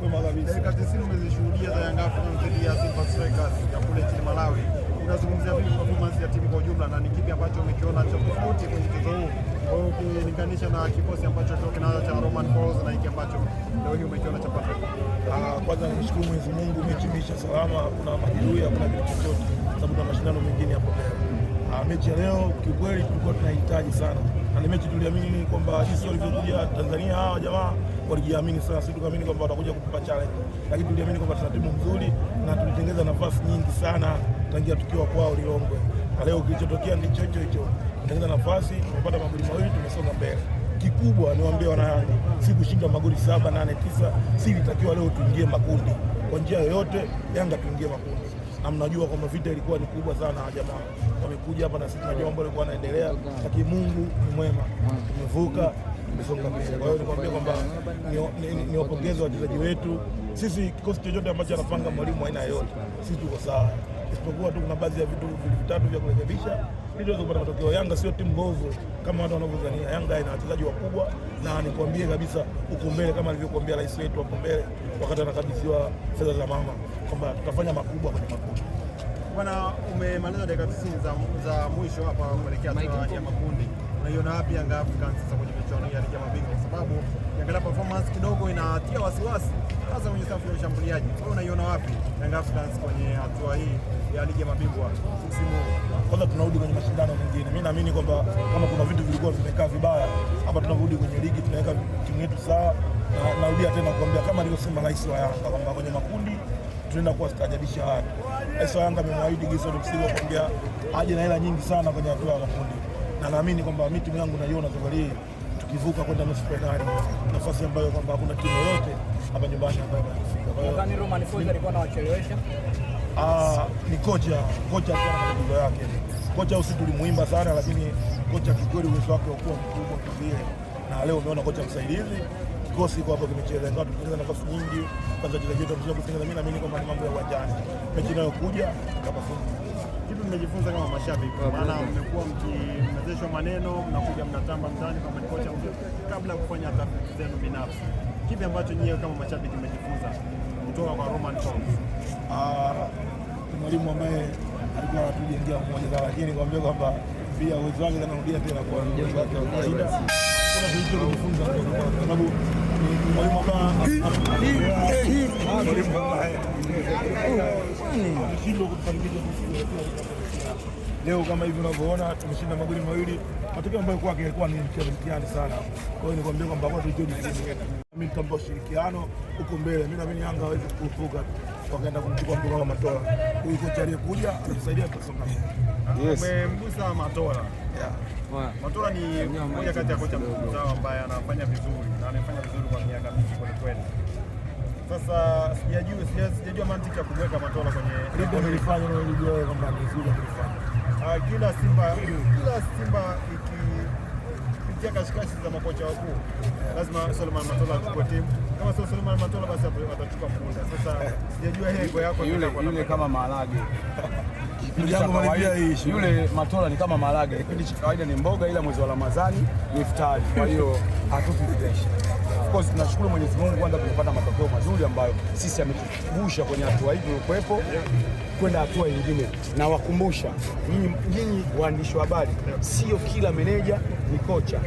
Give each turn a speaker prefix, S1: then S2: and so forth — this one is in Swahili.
S1: Kwema kabisa.
S2: Dakika eh, 90 umezishuhudia za Young Africans dhidi ya Simba Strikers ya kule nchini Malawi. Unazungumzia vipi performance ya timu kwa ujumla na ni kipi ambacho umekiona cha tofauti kwenye mchezo huu? Kwa hiyo ukilinganisha na kikosi ambacho kio kinaanza cha Roman Falls na hiki ambacho leo hii umekiona cha Patrick.
S1: Ah, kwanza nimshukuru Mwenyezi Mungu mechi salama, kuna majeruhi, hakuna kitu chochote sababu kuna mashindano mengine hapo Ah, mechi ya leo kiukweli tulikuwa tunahitaji sana na ni mechi tuliamini kwamba sisi walivyokuja Tanzania hawa jamaa walijiamini sana, sisi tukaamini kwamba watakuja kutupa challenge, lakini tuliamini kwamba tuna timu nzuri na tulitengeza nafasi nyingi sana tangia tukiwa kwao Lilongwe, na leo kilichotokea ndicho hicho hicho, tutengeza nafasi, tumepata magoli mawili, tumesonga mbele. Kikubwa niwaambie wanayanga, si kushinda magoli saba, nane, tisa. Si ilitakiwa leo tuingie makundi kwa njia yoyote, Yanga tuingie makundi na mnajua kwamba vita ilikuwa ni kubwa sana, jamaa wamekuja hapa na sisi tunajua mambo yalikuwa yanaendelea, lakini Mungu ni mwema, tumevuka tumesonga mbele. Kwa hiyo nikwambia kwamba ni wapongeze wachezaji wetu. Sisi kikosi chochote ambacho anapanga mwalimu aina yoyote, sisi tuko sawa, isipokuwa tu kuna baadhi ya vitu vitatu vya kurekebisha ili tuweze kupata matokeo. Yanga sio timu mbovu kama watu wanavyodhania. Yanga ina wachezaji wakubwa, na nikwambie kabisa, huko mbele, kama alivyokuambia rais wetu hapo mbele, wakati anakabidhiwa fedha za mama, kwamba tutafanya makubwa kwenye makubwa.
S2: Bwana, umemaliza dakika 90 za, za mwisho hapa kuelekea hatua ya makundi, unaiona wapi Yanga Africans sasa kwenye michuano ya ligi ya mabingwa? Kwa sababu ukiangalia performance kidogo inatia wasiwasi, hasa kwenye safu ya ushambuliaji. Wewe unaiona wapi Yanga Africans kwenye hatua hii ya ligi ya mabingwa
S1: msimu huu? kwanza tunarudi kwenye mashindano mengine. Mimi naamini kwamba kama kuna vitu vilikuwa vimekaa vibaya hapa, tunarudi kwenye ligi, tunaweka timu yetu sawa, na narudia tena kuambia kama alivyosema rais wa Yanga kwamba kwenye makundi tunaenda kuwastaajabisha watu. Rais wa Yanga amemwahidi Gerson Msigwa kuambia aje na hela nyingi sana kwenye hatua ya makundi, na naamini kwamba mimi timu yangu naiona tukivuka kwenda nusu fainali, nafasi ambayo kwamba hakuna timu yoyote hapa nyumbani ambaye anafika.
S2: Kwa hiyo nadhani Roman Folz alikuwa anawachelewesha.
S1: Ah, ni kocha, kocha kwa matatizo yake. Kocha usi tulimwimba sana lakini kocha kikweli uwezo wake wa kuwa mkubwa kivile. Na leo umeona kocha msaidizi kikosi kwa hapo kimecheza, ingawa tumepoteza nafasi nyingi, kwanza wachezaji wetu wameshia kutengeneza, mimi na mimi kwa mambo ya uwanjani. Mechi inayokuja tutapata
S2: mmejifunza kama mashabiki, maana mmekuwa mkimezeshwa maneno, mnakuja mnatamba mtaani kama ni kocha kabla ya kufanya tafiti zenu binafsi, kipi ambacho nyie kama mashabiki mmejifunza kutoka kwa Roman Tomes?
S1: Ah, mwalimu ambaye alikuwa anatujengea umoja, lakini nikwambia kwamba pia uwezo wake anarudia tena kwa sababu Leo kama hivi unavyoona tumeshinda magoli mawili, matokeo ambayo kwake yalikuwa ni mchezo mtihani sana. Kwa hiyo nikwambia kwamba kwa mimi nitambua ushirikiano huko mbele, mimi naamini Yanga hawezi kufuka wakaenda kumchukua mpira wa Matola. Huyu kocha aliyekuja anatusaidia tutasonga.
S2: Yes. Umemgusa Matola.
S1: Yeah.
S2: Matola ni mmoja kati ya kocha mkubwa ambaye anafanya vizuri vizuri kwa miaka mingi kweli. Sasa sijajua sijajua mantiki ya kuweka Matola kwenye ah, kila Simba kila Simba ikipitia kashikashi za makocha wakuu lazima Suleiman Matola achukue timu. Kama sio Suleiman Matola, basi atachukua Mkunda. Sasa eh. sijajua hengo yako
S1: yule kama maharage yule matola ni kama maraga, kipindi cha kawaida ni mboga, ila mwezi wa Ramadhani ni iftari. Kwa hiyo hatukuiresha. Of course tunashukuru Mwenyezi Mungu kwanza tumepata matokeo mazuri ambayo sisi ametuvusha kwenye hatua hii tulikuwepo kwenda hatua nyingine, na wakumbusha nyinyi waandishi wa habari, sio kila meneja ni kocha.